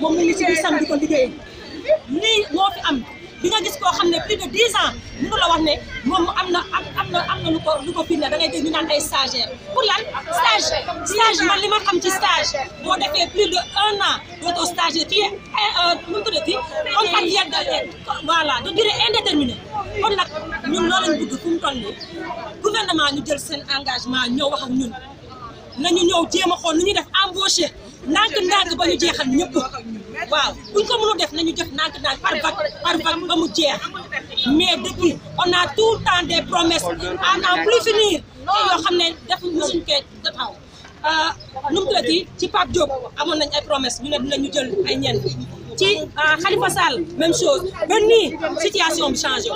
moom mi ngi ci sam di ko liggéey nii moo fi am di nga gis koo xam ne plus de dix ans mënu la wax ne moom am na am na am na lu ko lu ko firnde ñu naan ay stagiaire pour lan stage stage man li ma xam ci stage boo defee plus de un an dootoo stagiaire tu es eh, euh, nu eh, kon nag ñun loolu lañ bëgg fu mu toll nii gouvernement ñu jël seen engagement ñëw wax ak ñun nañu ñëw jéem xool nu ñuy def embauché ndànk-ndànk ba ñu jeexal ñëpp waaw buñ ko mënul def nañu def ndànk-ndànk par vague par ba mu jeex mais depuis on a tout le temps des promesses à n'en plus finir yoo xam ne defuñu suñu kee taxaw nu mu tuddati ci Pape Diop amoon nañ ay promesses ñu ne dinañu jël ay ñenn ci Khalifa Sall même chose ba nii situation bi changé